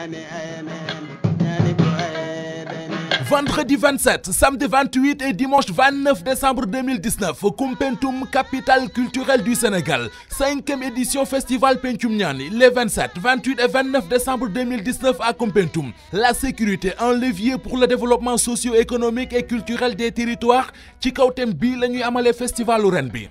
amen, amen. vendredi 27 samedi 28 et dimanche 29 décembre 2019 Kumpentum, capitale culturelle du Sénégal 5e édition festival Pentium Niani, les 27 28 et 29 décembre 2019 à Kumpentum. la sécurité un levier pour le développement socio-économique et culturel des territoires ci la nuit festivalu ren bi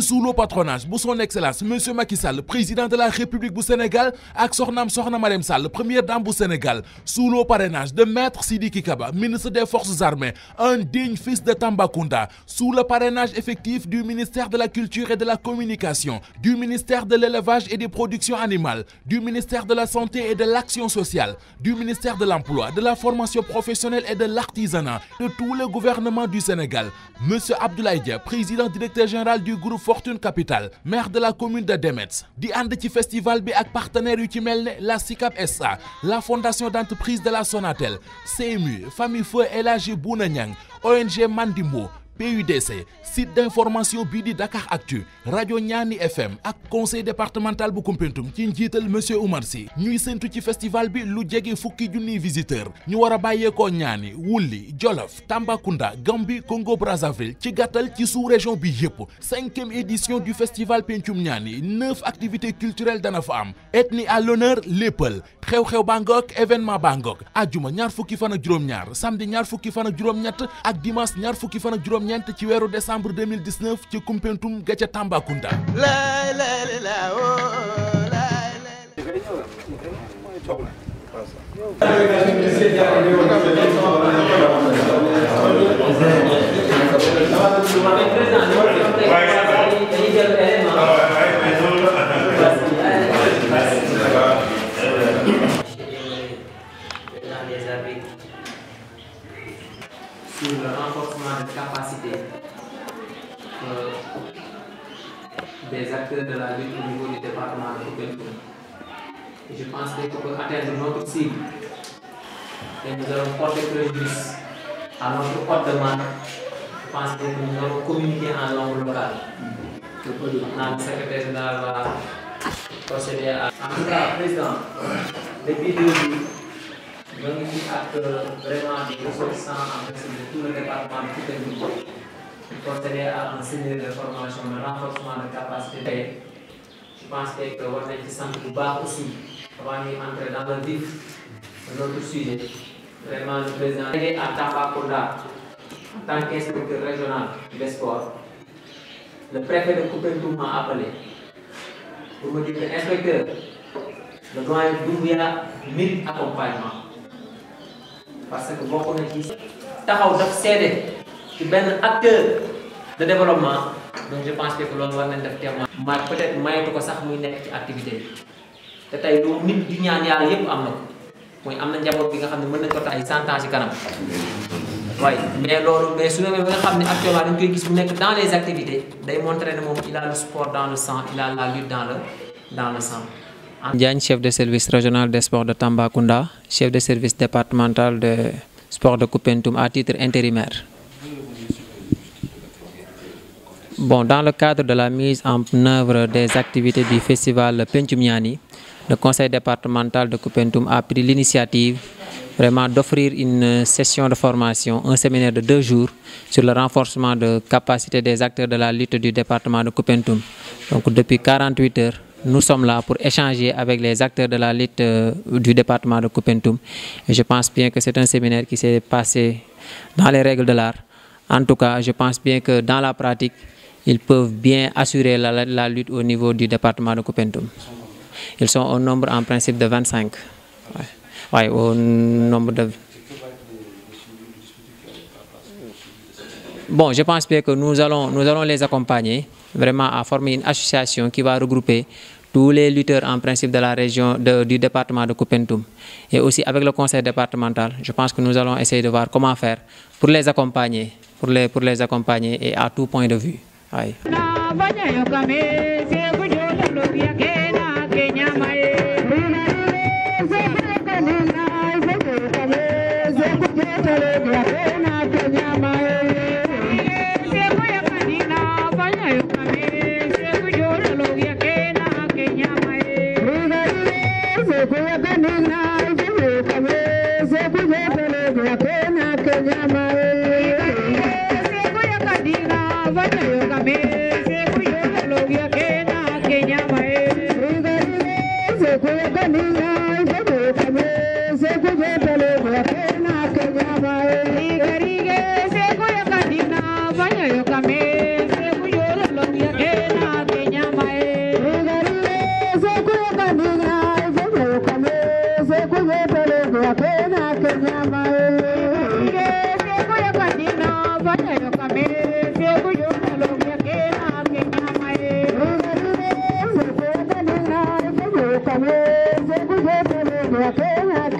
sous le patronage de son excellence monsieur Macky Sall président de la République du Sénégal ak soxnaam soxna Sall première dame du Sénégal sous le parrainage de maître Sidi Kikaba ministre des Forces armées, un digne fils de Tambacounda, sous le parrainage effectif du ministère de la Culture et de la Communication, du ministère de l'Élevage et des Productions Animales, du ministère de la Santé et de l'Action Sociale, du ministère de l'Emploi, de la Formation Professionnelle et de l'Artisanat, de tout le gouvernement du Sénégal. Monsieur Abdoulaye Dia, président directeur général du groupe Fortune Capital, maire de la commune de Demetz, di Andeti festival bi partenaire partenaires la SICAP SA, la Fondation d'entreprise de la Sonatel, CMU, famille feu El Hadji Bouna Niang ONG Mandimbo PUDC site d'information Bidi Dakar Actu Radio NYANI FM ak conseil départemental bu Pentum ci M. monsieur Oumar Sy ñuy séntu ci festival bi lu jege fukki visiteur ñu wara a ko Ñaani Wulli Jolof Tambacounda Gambie Congo Brazzaville ci gàttal ci sous-région bi yépp 5e édition du festival Pentum Nyani. 9 activités culturelles dana fa am ethnie à l'honneur léppal xew-xew Bangok événement Bangok Adjuman ñaar fukki fan ak ñaar samedi ñaar fukki fan ak ak dimanche juróom-ñeent ci weeru décembre 2019 ci Koumpentoum ga ca Tambacounda la allons porter préjudice à notre code de marque, je pense que nous allons communiquer en langue locale. Madame le secrétaire général va procéder à. En tout cas, président, depuis deux jours, nous avons acte vraiment des ressortissants en fait de tout le département de tout le niveau. Procéder à un séminaire de formation, de renforcement de capacité. Je pense que Warner qui s'en aussi avant d'entrer dans le vif de notre vraiment le président est à Tambacounda en tant qu'inspecteur régional des sports. Le préfet de Koupentoum m'a appelé pour me dire que inspecteur, le doyen accompagnement. parce que boo ko ci taxaw daf seede ci benn acteur de développement donc je pense que loolu war nañ def témoin ma peut-être mayetu ko sax muy nekk ci activité bi te tey lu nit di ñaan yàlla yépp am na mooy am na njaboot bi nga xam ne mën nañ ko tax ay cent kanam waaye mais loolu mais su demee ba nga xam ne actuellement dañ koy gis mu nekk dans les activités day montrer ne moom il a le sport dans le sang il la lutte dans le dans le chef de service régional de sports de Tambacounda chef de service départemental de sport de Koupentoum à intérimaire. Bon, dans le cadre de la mise en œuvre des activités du festival Pentumiani, le conseil départemental de Coupentum a pris l'initiative vraiment d'offrir une session de formation, un séminaire de deux jours sur le renforcement de capacité des acteurs de la lutte du département de Kupentum. Donc depuis 48 heures, nous sommes là pour échanger avec les acteurs de la lutte euh, du département de Coupentum. Et je pense bien que c'est un séminaire qui s'est passé dans les règles de l'art. En tout cas, je pense bien que dans la pratique, ils peuvent bien assurer la, lutte au niveau du département de Coupentum. Ils sont au nombre en principe de 25. Ouais. au nombre de... Bon, je pense bien que nous allons, nous allons les accompagner vraiment à former une association qui va regrouper tous les lutteurs en principe de la région du département de Coupentum. Et aussi avec le conseil départemental, je pense que nous allons essayer de voir comment faire pour les accompagner, pour les, pour les accompagner et à tout point de vue. ¡Ay! رکھوا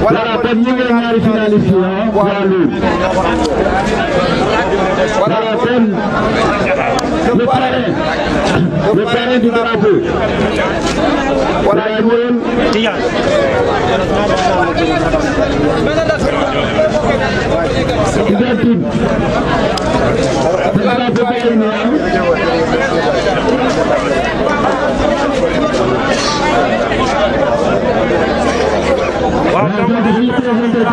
voilà kon ñu ngi leen ñaari finaliste yi ah waa Loum. voilà kon le parrain le parrain du drapeau. voilà ñu ngi leen. Libertine. le drapeau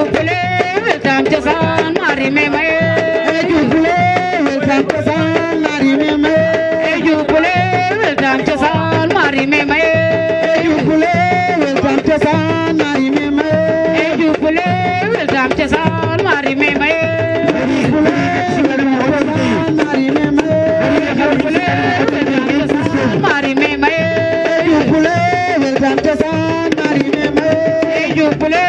jubbule tamcasaan arime mae. E jubbule tamcasaan arime mae. E jubbule tamcasaan arime mae. E jubbule tamcasaan arime mae. E jubbule tamcasaan arime mae. Jubbule, welcome to San Marino. Jubbule.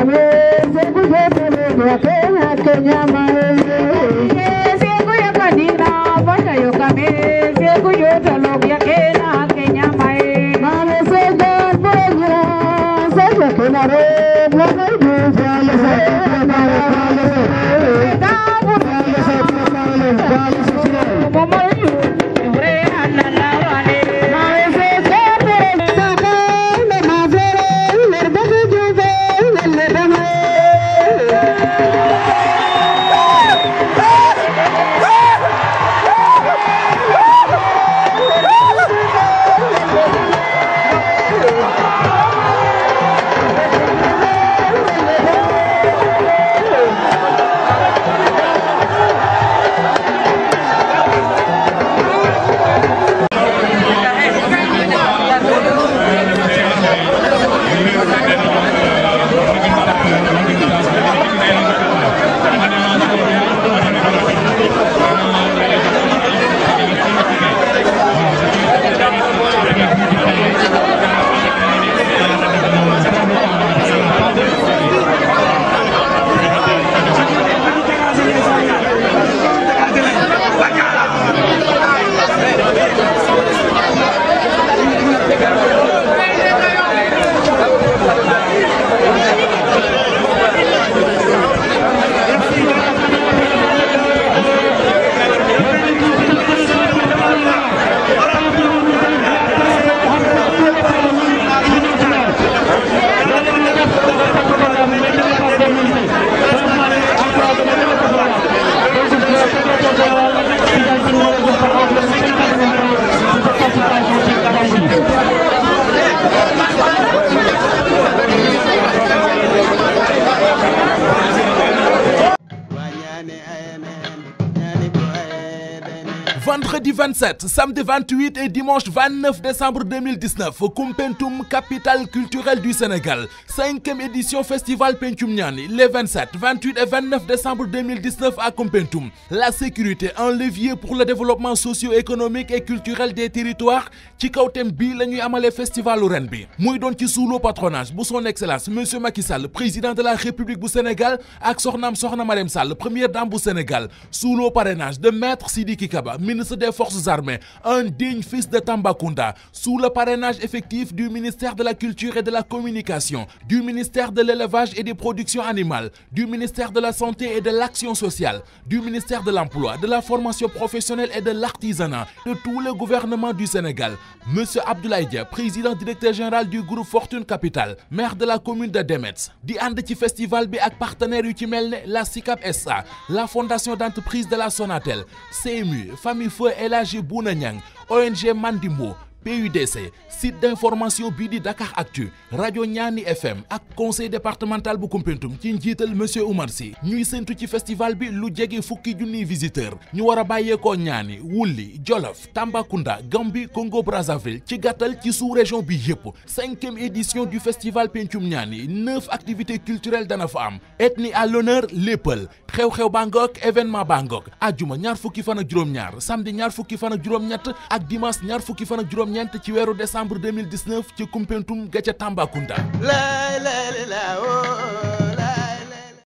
Se se el aquella que 27 samedi 28 et dimanche 29 décembre 2019 Kumpentum, capitale culturelle du Sénégal e édition festival Pencum les 27 28 et 29 décembre 2019 à Kumpentum. la sécurité un levier pour le développement socio-économique et culturel des territoires ci Festival la festivalu sous le patronage bu son excellence monsieur Macky Sall président de la république du Sénégal ak soxnaam soxna Sall première dame du Sénégal sous le parrainage de maître Sidi Kikaba, ministre des forces armées, un digne fils de Tambacounda, sous le parrainage effectif du ministère de la Culture et de la Communication, du ministère de l'Élevage et des Productions Animales, du ministère de la Santé et de l'Action Sociale, du ministère de l'Emploi, de la Formation Professionnelle et de l'Artisanat, de tout le gouvernement du Sénégal. Monsieur Abdoulaye Dia, président directeur général du groupe Fortune Capital, maire de la commune de Demetz, di Andeti festival bi partenaire yu la SICAP SA, la Fondation d'entreprise de la Sonatel, CMU, Famille Feu El Hadji Bouna Niang ONG Mandimbo PUDC site d'information Bidi Dakar Actu Radio NYANI FM ak conseil départemental bu Pentum, ci monsieur Oumar Sy ñuy festival bi lu Fuki fukki visiteur ñu wara Wuli, ko Ñaani Wulli Jolof Tambacounda Gambie Congo Brazzaville ci gàttal ci sous-région bi cinquième édition du festival pentum Ñaani neuf activités culturelles dana fa am ethnie à l'honneur lepel xew-xew Bangok événement Bangok ajjuma ñaar fukki fan ak juróom-ñaar samedi ñaar fukki fan ak ak dimanche ñaar fukki fan juróom-ñeent ci weeru décembre 2019 ci Koumpentoum ga ca Tambacounda. Oh.